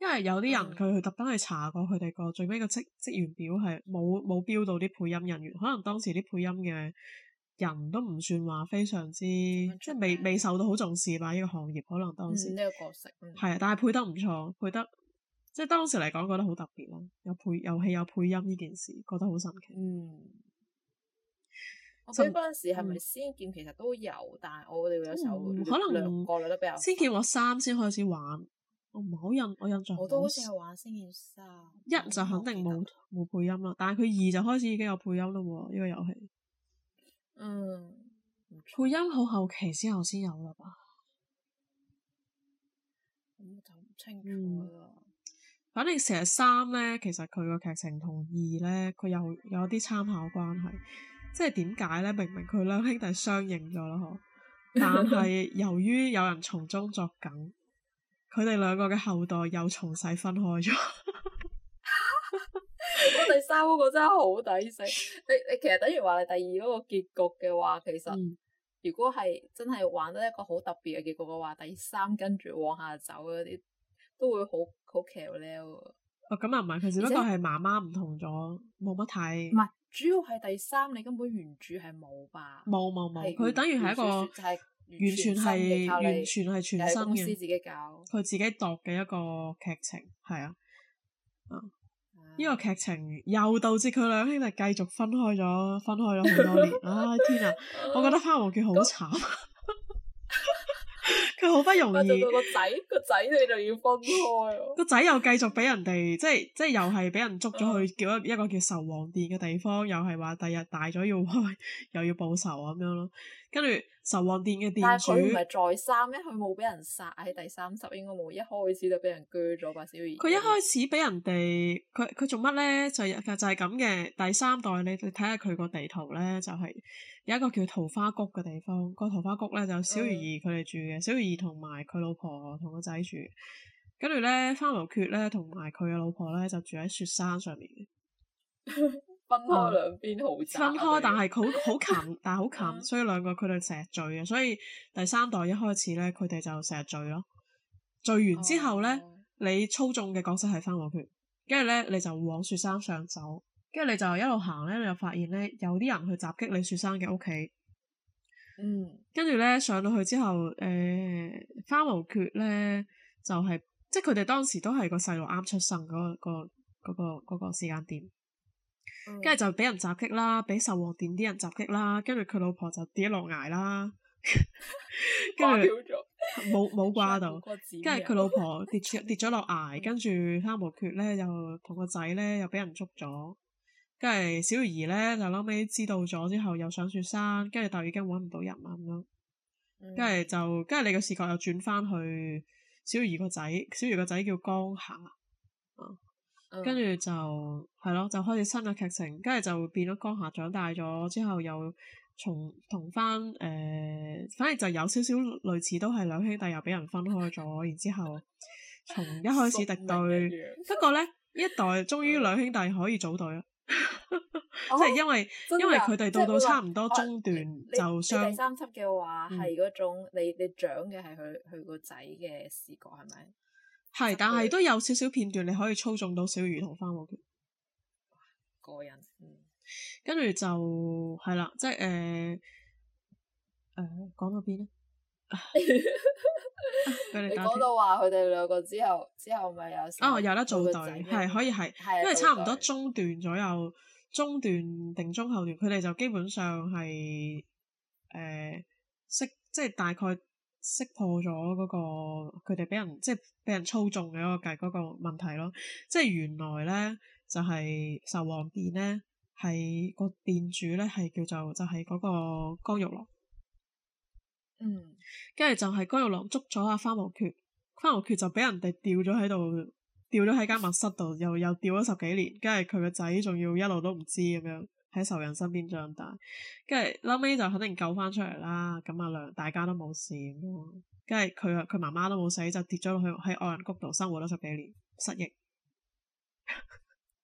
因為有啲人佢佢特登去查過佢哋個最尾個職職員表係冇冇標到啲配音人員，可能當時啲配音嘅人都唔算話非常之、嗯、即係未未受到好重視吧？呢、這個行業可能當時呢、嗯這個角色係啊、嗯，但係配得唔錯，配得即係當時嚟講覺得好特別咯，有配遊戲有配音呢件事覺得好神奇。嗯。
即係嗰陣時係咪仙劍其實都有，但係我哋有時候、嗯、可能個率都比較。仙
劍我三先開始玩，我唔係好印，我印象。我都好似係玩
仙劍三。
一就肯定冇冇、嗯、配音啦，但係佢二就開始已經有配音啦喎，呢、這個遊戲。嗯，配音好後期之後先有啦吧。咁
就唔清楚啦、嗯。
反正成日三咧，其實佢個劇情同二咧，佢又有啲參考關係。即係點解咧？明明佢兩兄弟相認咗咯。嗬，但係由於有人從中作梗，佢哋兩個嘅後代又從細分開咗。
我第三嗰個真係好抵死， (coughs) 你你其實等於話你第二嗰個結局嘅話，其實如果係真係玩得一個好特別嘅結局嘅話，第三跟住往下走嗰啲都會好好騎呢
哦，咁又唔係，佢只媽媽不過係媽媽唔同咗，冇乜睇。唔係。
主要係第三，你根本原著係冇吧？
冇冇冇，佢等於係一個
完全係完全
係全新嘅，公司自
己搞，
佢自己度嘅一個劇情係啊。呢個劇情又導致佢兩兄弟繼續分開咗，分開咗好多年。唉，天啊！我覺得花王《花無缺》好慘。佢好 (laughs) 不容易 (laughs) 做到個仔個仔，你就要分開。個仔又繼續俾人哋，即係即係又係俾人捉咗去叫一個叫仇王殿嘅地方， (laughs) 又係話第日大咗要開，又要報仇咁樣咯。跟住仇王殿嘅店主，佢唔係
再三咩？因為佢冇俾人殺喺第三十，應該冇。一開始就俾人鋸咗把小二。佢一
開始俾人哋，佢佢 (laughs) 做乜咧？就就就係咁嘅。第三代你你睇下佢個地圖咧，就係、是。有一個叫桃花谷嘅地方，個桃花谷咧就小魚兒佢哋住嘅，嗯、小魚兒同埋佢老婆同個仔住，跟住咧花無缺咧同埋佢嘅老婆咧就住喺雪山上面，分開兩邊好，分開但係佢好好近，但係好近， (laughs) 所以兩個佢哋成日聚嘅，所以第三代一開始咧佢哋就成日聚咯，聚完之後咧、嗯、你操縱嘅角色係花無缺，跟住咧你就往雪山上，上走。跟住你就一路行咧，你就發現咧有啲人去襲擊李雪生嘅屋企。嗯，跟住咧上到去之後，誒、呃，花無缺咧就係、是、即係佢哋當時都係個細路啱出生嗰、那個嗰、那個嗰個、那個時間點。跟住、嗯、就俾人襲擊啦，俾神王殿啲人襲擊啦。跟住佢老婆就跌落崖啦，跟住冇冇掛到。跟住佢老婆跌跌咗落崖，跟住花無缺咧又同個仔咧又俾人捉咗。跟住小魚兒咧，就後尾知道咗之後，又上雪山，跟住就已經搵唔到人啊咁樣。跟住就，跟住你個視角又轉翻去小魚兒個仔，小魚個仔叫江夏。
跟、啊、
住就係咯、嗯，就開始新嘅劇情。跟住就變咗江夏長大咗之後又，又從同翻誒，反而就有少少類似，都係兩兄弟又俾人分開咗，然之後從一開始敵對，不過咧一代終於兩兄弟可以組隊啦。嗯 (laughs) 即係因為、哦、因為佢哋到到差唔多中段就上、那
個哦、第三集嘅話係嗰、嗯、種你你長嘅係佢佢個仔嘅視角係咪？
係，但係都有少少片段你可以操縱到小魚同花無缺
嘅個人，嗯，
跟住就係、是、啦，即係誒誒，講、呃、到邊咧？ (laughs)
佢哋講到話佢哋兩個之後之後咪有啊、哦、有得做隊係可以係，是因為差唔多
中段左右，中段定中後段，佢哋就基本上係誒、呃、識即係、就是、大概識破咗嗰、那個佢哋俾人即係俾人操縱嘅一個計嗰、那個問題咯，即係原來咧就係仇王殿咧係、那個殿主咧係叫做就係、是、嗰個江玉郎。嗯，跟住就係江玉郎捉咗阿花無缺，花無缺就俾人哋吊咗喺度，吊咗喺間密室度，又又吊咗十幾年，跟住佢個仔仲要一路都唔知咁樣喺仇人身邊長大，跟住後尾就肯定救翻出嚟啦，咁阿娘大家都冇事咁樣，跟住佢佢媽媽都冇死，就跌咗落去喺惡人谷度生活咗十幾年，失憶。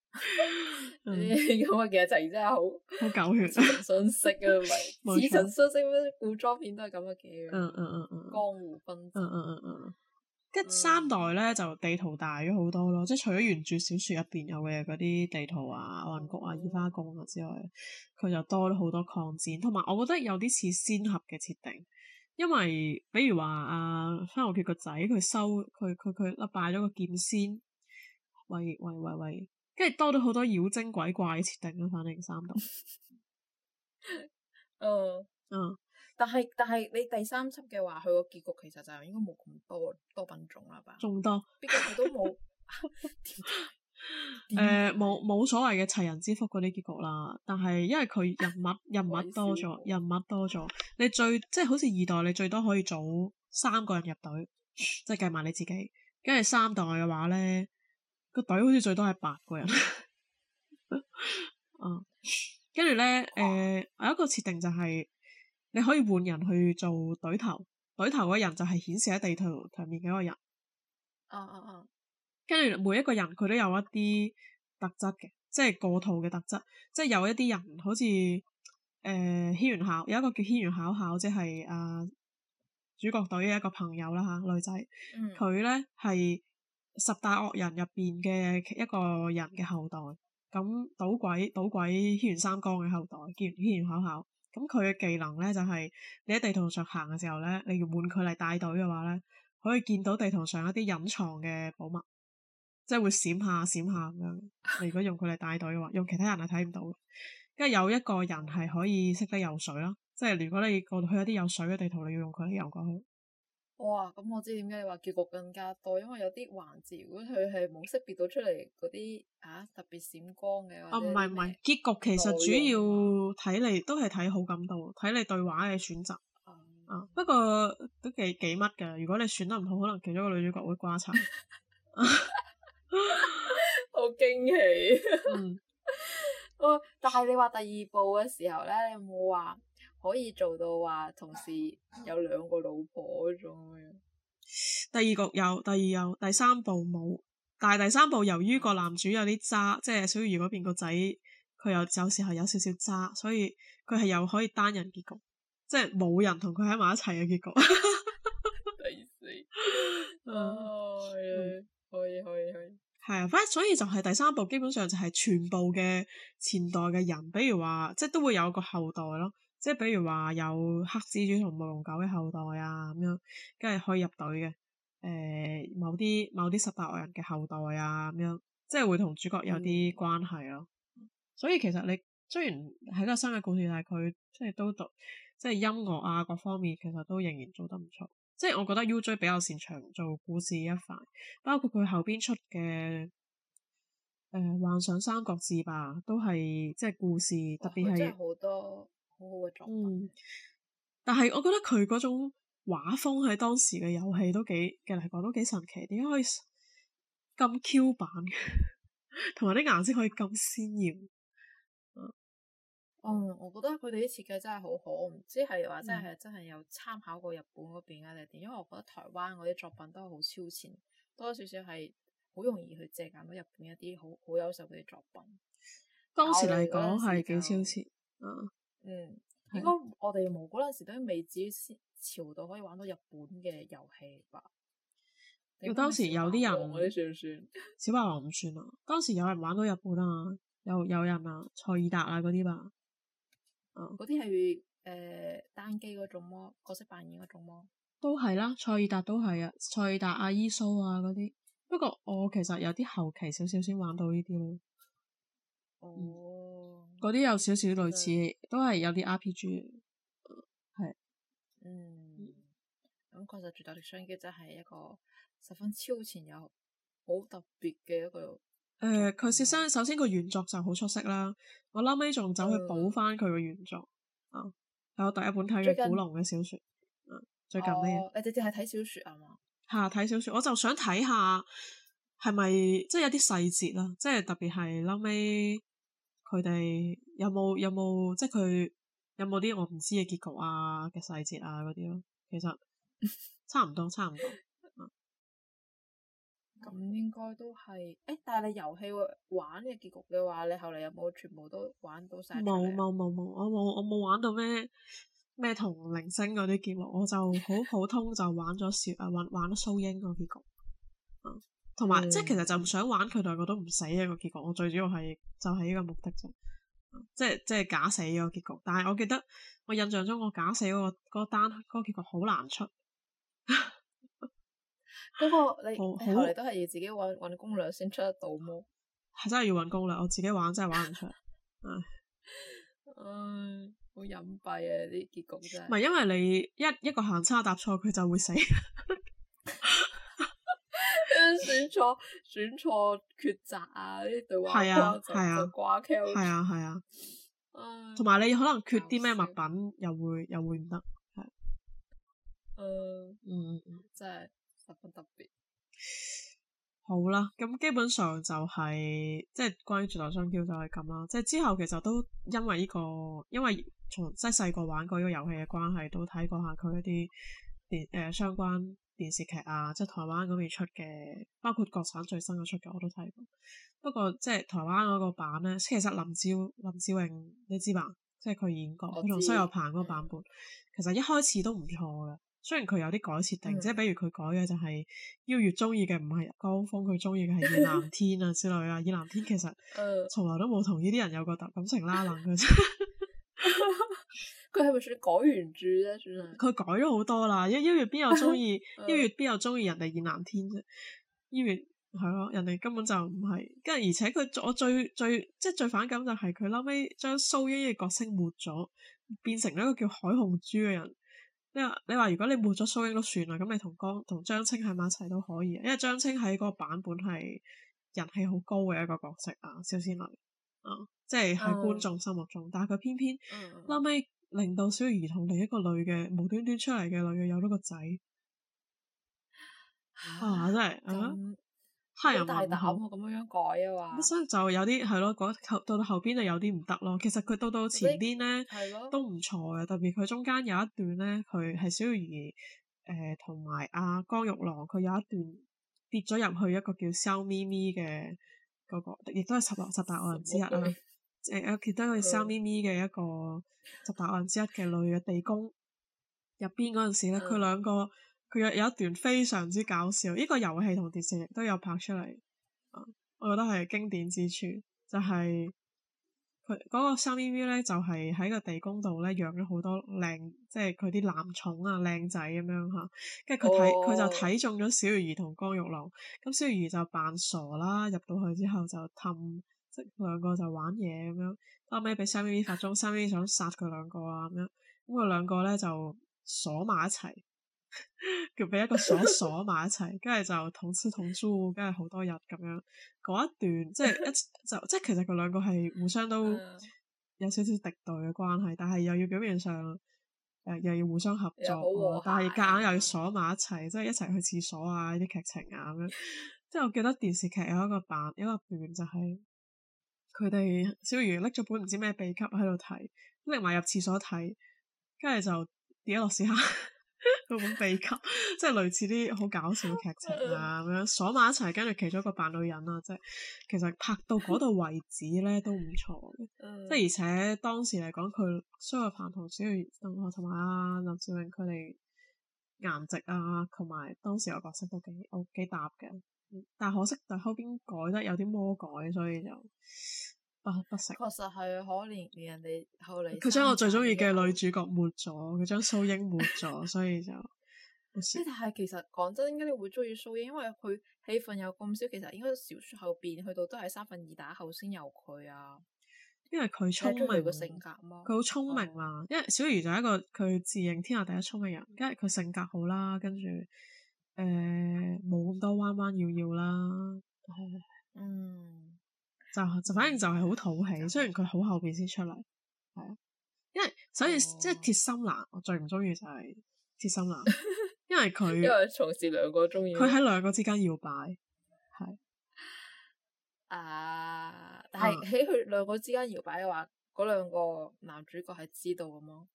(laughs) (laughs) 誒，嘅
嘅劇情真係好 (laughs) 真想識，好狗血，似曾相識啊，以似曾相識咩？古裝片都係咁嘅嘢。嗯嗯
嗯
嗯，江湖分、uh, uh,
uh, uh.，嗯嗯嗯嗯，跟三代咧就地圖大咗好多咯，即係、uh, 除咗原著小說入邊有嘅嗰啲地圖啊，惡人谷啊，移花宮啊之外，佢、嗯、就多咗好多擴展，同埋我覺得有啲似仙俠嘅設定，因為比如話阿花無缺個仔，佢、啊、收佢佢佢，啦拜咗個劍仙，喂喂喂喂。跟住多咗好多妖精鬼怪嘅設定咯，反正三代。誒誒、 (laughs) 哦
嗯，但係但係你第三輯嘅話，佢個結局其實就應該冇咁多多品種啦吧？仲多，
畢竟佢都冇。
誒
冇冇所謂嘅齊人之福嗰啲結局啦。但係因為佢人物 (laughs) 人物多咗， (laughs) 人物多咗，你最即係好似二代，你最多可以組三個人入隊， (laughs) 即係計埋你自己。跟住三代嘅話咧。個隊好似最多係八個人 (laughs) 嗯，嗯，跟住咧，誒，有一個設定就係你可以換人去做隊頭，隊頭嗰人就係顯示喺地圖上面嘅一個人。
哦哦
哦，跟住每一個人佢都有一啲特質嘅，即係過圖嘅特質，即係有一啲人好似誒，軒、呃、轅巧，有一個叫軒轅巧巧，即係啊、呃，主角隊嘅一個朋友啦吓、呃，女仔，佢咧係。十大惡人入邊嘅一個人嘅後代，咁賭鬼賭鬼軒轅三光嘅後代，叫軒轅巧巧。咁佢嘅技能咧就係、是、你喺地圖上行嘅時候咧，你要換佢嚟帶隊嘅話咧，可以見到地圖上一啲隱藏嘅寶物，即係會閃下閃下咁樣。你如果用佢嚟帶隊嘅話，用其他人係睇唔到。跟住有一個人係可以識得游水啦，即係如果你過去一啲有水嘅地圖，你要用佢嚟游過去。
哇，咁、嗯、我知點解你話結局更加多，因為有啲環節如果佢係冇識別到出嚟嗰啲啊特別閃光嘅。啊，唔係
唔係，結局其實主要睇你都係睇好感度，睇你對話嘅選擇。嗯、啊，不過都幾幾乜㗎，如果你選得唔好，可能其中一個女主角會瓜柴，
好驚喜。 (laughs) 嗯、但係你話第二部嘅時候咧，你有冇話？可以做到話同時有兩個老婆嗰種。
第二局有，第二有，第三部冇。但係第三部由於個男主有啲渣，即係小魚嗰邊個仔，佢有有時候有少少渣，所以佢係又可以單人結局，即係冇人同佢喺埋一齊嘅結局。 (laughs) (laughs) 第四，可以可以可以，係啊，反正所以就係第三部基本上就係全部嘅前代嘅人，比如話即係都會有個後代咯。即係比如話有黑蜘蛛同暴龍狗嘅後代啊，咁樣，梗係可以入隊嘅。誒、呃，某啲某啲十大惡人嘅後代啊，咁樣，即係會同主角有啲關係咯、啊。嗯、所以其實你雖然係個新嘅故事，但係佢即係都讀即係音樂啊，各方面其實都仍然做得唔錯。即係我覺得 UJ 比較擅長做故事一塊，包括佢後邊出嘅誒、呃《幻想三國志》吧，都係即係故事特別係
好、哦、多。好好嘅作
品，嗯、但係我覺得佢嗰種畫風喺當時嘅遊戲都幾，嘅嚟講都幾神奇，點解可以咁 Q 版，同埋啲顏色可以咁鮮艷？
嗯、哦，我覺得佢哋啲設計真係好好，唔知係話真係真係有參考過日本嗰邊啊定係點，嗯、因為我覺得台灣嗰啲作品都係好超前，多多少少係好容易去借鑒到日本一啲好好優秀嘅作品。
當
時嚟講係
幾超前。嗯。嗯
嗯，應該我哋冇嗰陣時，都未至於潮到可以玩到日本嘅遊戲吧？當時有啲人啲 (laughs) 算唔算？
小霸王唔算啊。當時有人玩到日本啊，有有人啊，薩爾達啊嗰啲吧。啊，
嗰啲係誒單機嗰種咯，角色扮演嗰種咯。
都係啦，薩爾達都係啊，薩爾達啊伊蘇啊嗰啲。不過我其實有啲後期少少先玩到呢啲咯。哦。嗯嗰啲有少少類似，對都係有啲 RPG，係。嗯，
咁確是、嗯、實《絕代雙驕》就係一個十分超前又好特別嘅一個。
誒，佢小説首先佢原作就好出色啦，我後尾仲走去補翻佢個原作，啊，係我第一本睇嘅古龍嘅小説，啊近、嗯，最近嘅、哦。
你直接係睇小説啊嘛？
嚇，睇小説我就想睇下，係咪即係有啲細節啦？即係特別係後尾。佢哋有冇有冇即係佢有冇啲我唔知嘅結局啊嘅細節啊嗰啲咯，其實差唔多差唔多。
咁應該都係，誒、欸，但係你遊戲玩嘅結局嘅話，你後嚟有冇全部都玩到晒？冇
冇冇冇，我冇我冇玩到咩咩同零星嗰啲結局，我就好普通就玩咗少啊玩玩蘇英個結局。嗯同埋，嗯、即係其實就唔想玩佢，但係都唔死一、嗰個結局。我最主要係就係、是、呢個目的啫，即係即係假死個結局。但係我記得我印象中我假死嗰、嗰個嗰單嗰個結局好難出。
嗰 (laughs) 個你頭嚟好都係要自己搵搵攻略先出得到麼？
係、嗯、真係要搵攻略，我自己玩真係玩唔出。 (laughs) 唉，嗯、
好隱蔽啊！啲結局真係唔係，
因為你一一個行差踏錯，佢就會死。 (laughs)
(laughs) 選錯選錯抉擇啊！呢啲對話掛就掛 kill，
係啊係啊，啊啊啊 (laughs) 唉，同埋你可能缺啲咩物品 (laughs) 又會又會唔得，係、啊，誒，嗯嗯嗯，
嗯真係十分特別。
好啦，咁基本上就係即係關於《絕代雙驕》就係咁啦。即、就、係、是、之後其實都因為呢、這個因為從即係細個玩過呢個遊戲嘅關係，都睇過下佢一啲電誒相關。電視劇啊，即係台灣嗰邊出嘅，包括國產最新嗰出嘅我都睇過。不過即係台灣嗰個版咧，其實林昭、林志穎你知吧？即係佢演過佢同蘇有朋嗰個版本，其實一開始都唔錯嘅。雖然佢有啲改設定，即係比如佢改嘅就係，邀月中意嘅唔係江楓，佢中意嘅係燕南天啊之類啊。燕南天其實，嗯，從來都冇同呢啲人有過特感情啦，諗佢就。
佢係咪算改原著啫？算啊！
佢改咗好多啦，一月邊有中意一月邊有中意人哋燕南天啫？一月係咯，人哋根本就唔係。跟住而且佢我最最即係最反感就係佢嬲尾將蘇英嘅角色抹咗，變成一個叫海紅珠嘅人。你話你話如果你抹咗蘇英都算啦，咁你同江同張青喺埋一齊都可以，因為張青喺嗰個版本係人氣好高嘅一個角色啊，小仙女啊、嗯，即係喺觀眾心目中。嗯、但係佢偏偏嬲尾。嗯令到小魚兒同另一個女嘅無端端出嚟嘅女嘅有咗個仔啊！真係黑人問
號，咁樣樣改
啊嘛，所以就有啲係咯，嗰到到後邊就有啲唔得咯。其實佢到到前邊咧實都唔錯嘅，了特別佢中間有一段咧，佢係小魚兒誒同埋阿江玉郎，佢有一段跌咗入去一個叫蕭咪咪嘅嗰個，亦都係十大十大惡人之一啦。 (laughs) (laughs) 誒，我記得佢蕭咪咪嘅一個十大惡人之一嘅女嘅地宮入邊嗰陣時咧，佢、嗯、兩個佢有有一段非常之搞笑，呢、這個遊戲同電視亦都有拍出嚟，我覺得係經典之處，就係佢嗰個蕭咪咪咧，就係、是、喺個地宮度咧養咗好多靚，即係佢啲男寵啊靚仔咁樣嚇，跟住佢睇佢就睇中咗小魚兒同江玉郎，咁小魚兒就扮傻啦，入到去之後就氹。即兩個就玩嘢咁樣，後尾俾 Sammy 發忠，Sammy 想殺佢兩個啊咁樣。咁佢兩個咧就鎖埋一齊，叫俾一個鎖鎖埋一齊，跟住就同食同住。跟住好多日咁樣。嗰一段即係一就即係其實佢兩個係互相都有少少敵對嘅關係， (laughs) 但係又要表面上誒又要互相合作，啊、但係夾硬又要鎖埋一齊， (laughs) 即係一齊去廁所啊啲劇情啊咁樣。即係我記得電視劇有一個版，就是、一個段就係、是就是。 (laughs) (laughs) 佢哋小魚拎咗本唔知咩秘笈喺度睇，拎埋入廁所睇，跟住就跌落屎坑。嗰 (laughs) 本秘笈即係類似啲好搞笑嘅劇情啊咁樣，鎖埋一齊，跟住其中一個扮女人啊，即係其實拍到嗰度為止咧都唔錯嘅。 (laughs) 即係而且當時嚟講，佢蘇有朋同小魚同學同埋林志穎佢哋顏值啊，同埋當時個角色都幾好幾搭嘅。但可惜，但後邊改得有啲魔改，所以就不不食。
確實係可憐人哋後嚟。佢將我最中意嘅女
主角抹咗，佢將蘇英抹咗， (laughs) 所以就
即但係其實講真，應該你會中意蘇英，因為佢戲份有咁少，其實應該小說後邊去到都係三分二打後先有佢啊。
因為佢聰明嘅性格嘛，佢好聰明啊，嗯、因為小魚就係一個佢自認天下第一聰明人，嗯、因為佢性格好啦，跟住。誒，冇咁、呃、多彎彎繞繞啦，嗯，就就反正就係好討喜，雖然佢好後邊先出嚟，係啊，因為所以、呃、即係鐵心蘭，我最唔中意就係鐵心蘭， (laughs) 因為佢因為
從事兩個中意，佢喺兩
個之間搖擺，係
啊，uh，但係喺佢兩個之間搖擺嘅話，嗰兩個男主角係知道㗎嘛？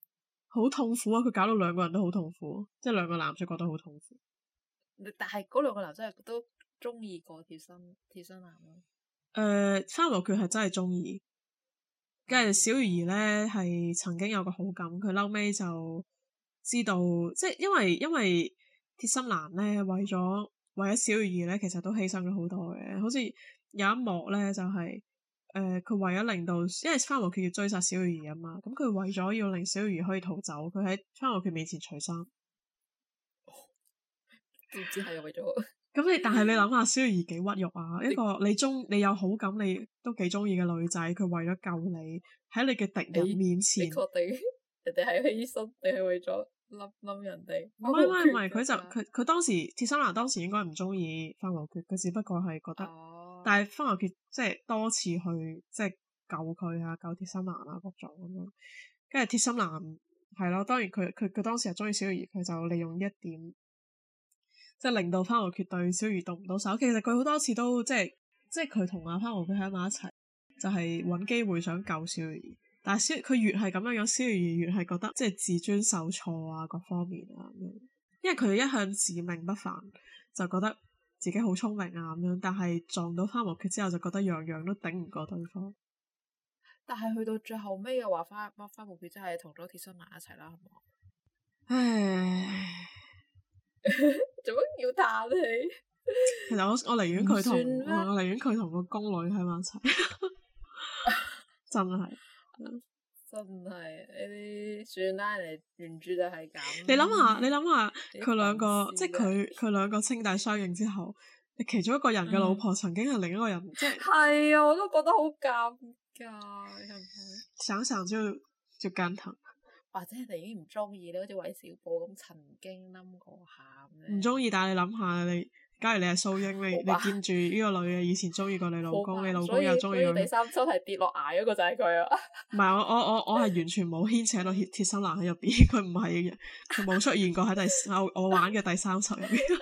好痛苦啊！佢搞到兩個人都好痛苦，即係兩個男主角都好痛苦。
但係嗰兩個男仔都中意過鐵心鐵心蘭咯。
誒，花無缺係真係中意，但係小魚兒咧係曾經有個好感，佢嬲尾就知道，即係因為因為鐵心蘭咧為咗為咗小魚兒咧，其實都犧牲咗好多嘅。好似有一幕咧就係、是、誒，佢、呃、為咗令到，因為花無缺要追殺小魚兒啊嘛，咁佢為咗要令小魚兒可以逃走，佢喺花無缺面前除衫。
唔知
係為咗咁 (laughs) (laughs) 你，但係你諗下，小魚兒幾屈辱啊！一個你中你有好感，你都幾中意嘅女仔，佢為咗救你喺你嘅敵人面前，確、欸、
定人哋係犧牲定係為咗冧冧人哋？唔係唔係唔
係，佢、嗯嗯嗯嗯、就佢佢當時鐵心蘭當時應該唔中意花無缺，佢只不過係覺得，哦、但係花無缺即係多次去即係救佢啊，救鐵心蘭啊，各種咁樣。跟住鐵心蘭係咯，當然佢佢佢當時係中意小魚兒，佢就利用一點點。即係令到花無缺對小魚動唔到手，其實佢好多次都即係即係佢同阿花無缺喺埋一齊，就係揾機會想救小魚，但係小佢越係咁樣樣，小魚越係覺得即係自尊受挫啊，各方面啊，因為佢一向自命不凡，就覺得自己好聰明啊咁樣，但係撞到花無缺之後，就覺得樣樣都頂唔過對方。
但
係去到最後尾又話，花花無缺真係同咗鐵心蘭一齊啦，係嘛？唉。做乜要嘆氣？ (laughs) 其實我我
寧願佢同我寧願佢同個宮女喺埋一齊，真係
真係呢啲算啦，原著就係咁。你諗下，你諗下佢兩個，麼
即係佢佢兩個兄弟相認之後，其中一個人嘅老婆曾經係另一個人，
(laughs) 即係是係啊，我都覺得好尷尬。你係唔係
想想就就肝疼。
或者你已經唔中意，你好似韋小寶咁曾經冧過下，
唔中意，但係你諗下，你假如你係蘇英，你法你見住呢個女嘅以前中意過你老公，你老公又中意佢。所以第
三輯係跌落崖嗰個就係佢啊！唔
係我我我我係完全冇牽扯到鐵，鐵心蘭喺入邊，佢唔係嘅，佢冇出現過喺第我 (laughs) 我玩嘅第三輯入邊。
(laughs) (laughs)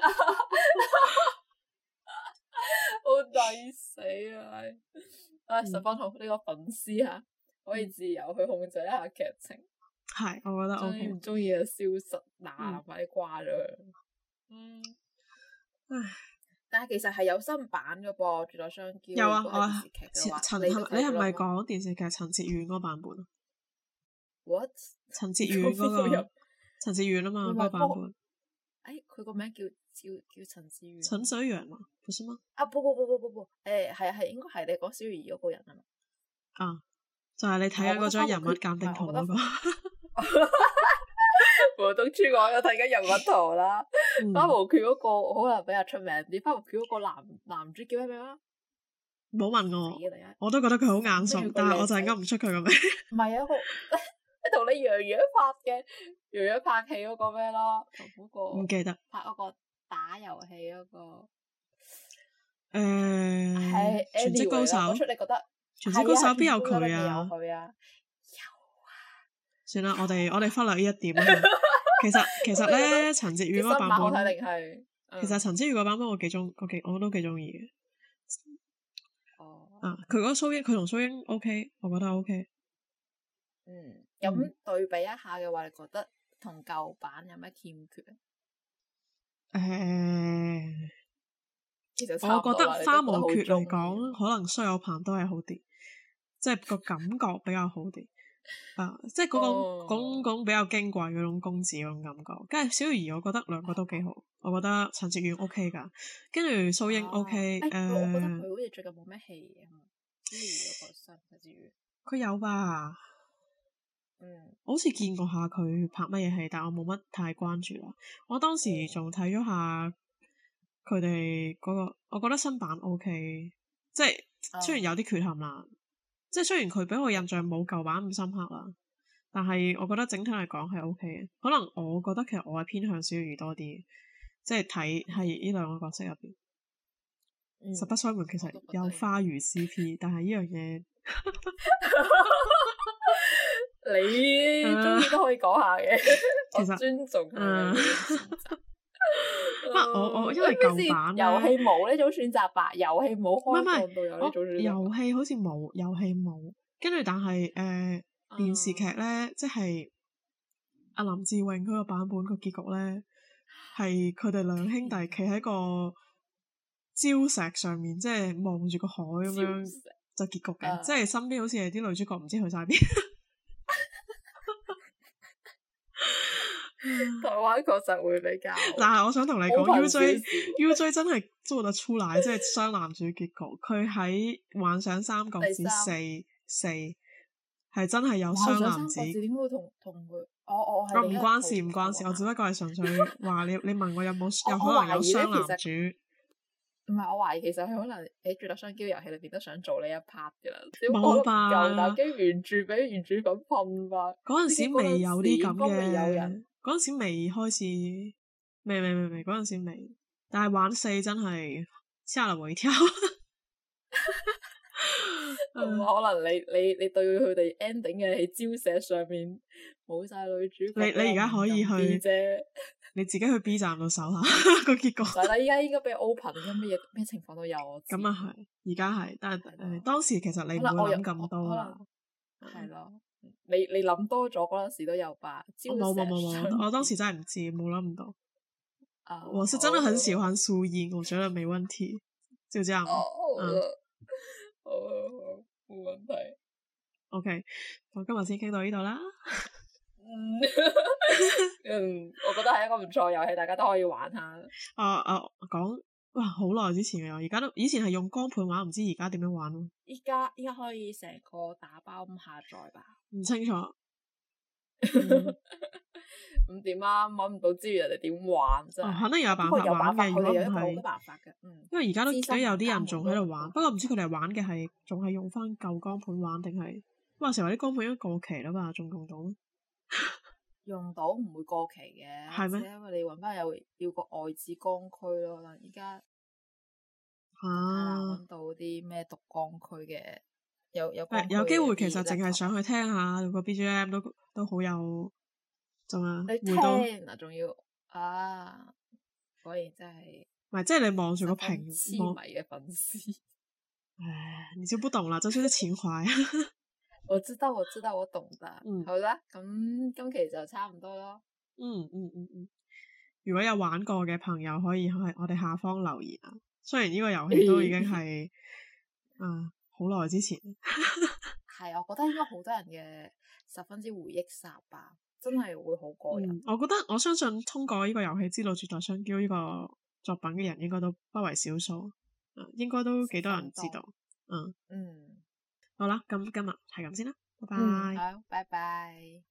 (laughs) 好抵死啊！唉、哎，十分同呢個粉絲吓，可以自由去控制一下劇情。係，我覺得我好唔中意啊！消失，嗱快啲掛咗。嗯，唉，但係其實係有新版嘅噃《絕代雙驕》有啊，我陳係你係咪
講電視劇陳哲遠嗰版本
？What？陳哲遠嗰個
陳哲遠啊嘛，咩版本？
誒，佢個名叫叫叫陳哲遠，陳
水陽啊？不是
嗎？啊，不不不不不不，誒，係係應該係你講小魚兒嗰個人啊嘛？
啊，就係你睇嗰張人物鑑定圖嗰個。黃東珠我
又睇緊《人物圖》啦，花無缺嗰個可能比較出名。你花無缺嗰個男男主叫咩名啊？
冇好問我，我都覺得佢好眼熟，但係我就係勾唔出
佢個名。唔係啊，你同你楊洋拍嘅楊洋拍戲嗰個咩咯？嗰個唔記得拍嗰個打遊戲嗰個
誒，係全職高手出你覺得？全職高手邊有
佢啊？算啦，我哋我哋忽略呢一點。其實其實咧，陳哲宇嗰版本，係，
其實陳
哲宇嗰版本我幾中，我幾我都幾中意嘅。哦。啊，佢嗰蘇英，佢同蘇英 O K，我覺得 O K。嗯，
咁對比一下嘅話，你覺得同舊版有咩欠缺？
誒，我
覺得《花無缺》嚟
講，可能蘇有朋都係好啲，即係個感覺比較好啲。啊，uh, 即係嗰種嗰、oh. 種比較矜貴嗰種公子嗰種感覺，跟住小魚兒，我覺得兩個都幾好， (laughs) 我覺得陳哲遠 O K 噶，跟住蘇英 O K，誒，我覺得佢好
似最近冇咩戲，新陳哲遠，
佢有吧？嗯，好似見過下佢拍乜嘢戲，但我冇乜太關注啦。我當時仲睇咗下佢哋嗰個，我覺得新版 OK，即係雖然有啲缺陷啦。Oh. 即係雖然佢俾我印象冇舊版咁深刻啦，但係我覺得整體嚟講係 O K 嘅。可能我覺得其實我係偏向小魚多啲，即係睇係呢兩個角色入邊。嗯，實不相瞞，其實有花魚 C P，但係呢樣嘢
你都可以講下嘅，其、uh, (laughs) 尊重。Uh, (laughs) 唔、嗯、我我因為舊版遊戲冇呢種選擇吧，遊戲冇開到有呢種遊戲、哦、好似冇，遊戲冇。跟住但係
誒、呃嗯、電視劇咧，即係阿林志穎嗰個版本個結局咧，係佢哋兩兄弟企喺個礁石上面，即係望住個海咁樣石就結局嘅。嗯、即係身邊好似係啲女主角唔知去晒邊。 (laughs)
台灣確實會比較，
但係我想同你講，UJ UJ 真係做得出嚟，即係雙男主結局。佢喺幻想三國志四四，係真係有雙男主。
點會同同佢？我我係個唔關事，唔
關事。我只不過係純粹話你，你問我有冇？有可能有雙男主？
唔係，我懷疑其實佢可能喺《絕代雙驕》遊戲裏邊都想做呢一 part 噶啦。冇吧？但係原住俾原住粉噴吧。嗰陣時未有啲咁嘅。嗰陣時未
開始，未未未未嗰陣時未，但係玩真四真係超流回跳，
咁可能你你你對佢哋 ending 嘅喺招寫上面冇晒女主角你，你你而家可以去啫，
(laughs) 你自己去 B 站度搜
下個 (laughs) (laughs) 結果。 (laughs) 但係依家應該俾 open，咩嘢咩情況都有。
咁啊，係，而家係，但係對吧、嗯、當時其實你唔會諗咁多啦，
係咯。對吧 (laughs) 你你諗多咗嗰陣時都有吧？冇冇冇冇，我
當時真係唔知，冇諗唔到。
啊，uh, 我是真的很喜
歡蘇櫻，oh. 我覺得沒問題，就這樣。
嗯，冇問題。
OK，我今日先傾到呢度啦。
嗯，我覺得係一個唔錯遊戲，大家都可以玩下。
啊啊，講。哇，好耐之前嘅，而家都以前係用光盤玩，唔知而家點樣玩咯。
依家依家可以成個打包咁下載吧？
唔清楚，
咁點、 (laughs) 嗯、 (laughs) 啊？搵唔到資源，人哋點玩真係、哦。肯定有辦法玩，玩嘅，法，佢哋都冇得辦法嘅，嗯。因
為而家都見到有啲人仲喺度玩，嗯、不過唔知佢哋玩嘅係仲係用翻舊光盤玩，定係話成日啲光盤已經過期啦嘛，仲用到。 (laughs)
用到唔會過期嘅，係咩嗎？因為你搵翻又要個外置光驅咯，啊、可能家吓，搵到啲咩獨光驅嘅，有有。係、啊、有機會，其實淨係
想去聽下個 BGM 都都好有，做咩？你聽
嗱、啊，仲都要啊，果然真
係。唔係，即係你望住個屏，痴迷
嘅粉絲。
唉，你、嗯、就不懂啦，這就是情懷。
我知道，我知道，我懂得。嗯，好啦，咁今期就差唔多咯。嗯嗯嗯嗯。
如果有玩過嘅朋友，可以喺我哋下方留言啊。雖然呢個遊戲都已經係 (laughs) 啊好耐之前，
係我覺得應該好多人嘅十分之回憶殺吧，真係會好過癮。
我覺得我相信通過呢個遊戲知道《絕代雙驕》呢個作品嘅人，應該都不為少數。啊，應該都幾多人知道。嗯嗯。嗯好啦，咁今日係咁先啦，
拜拜。嗯，好，拜拜。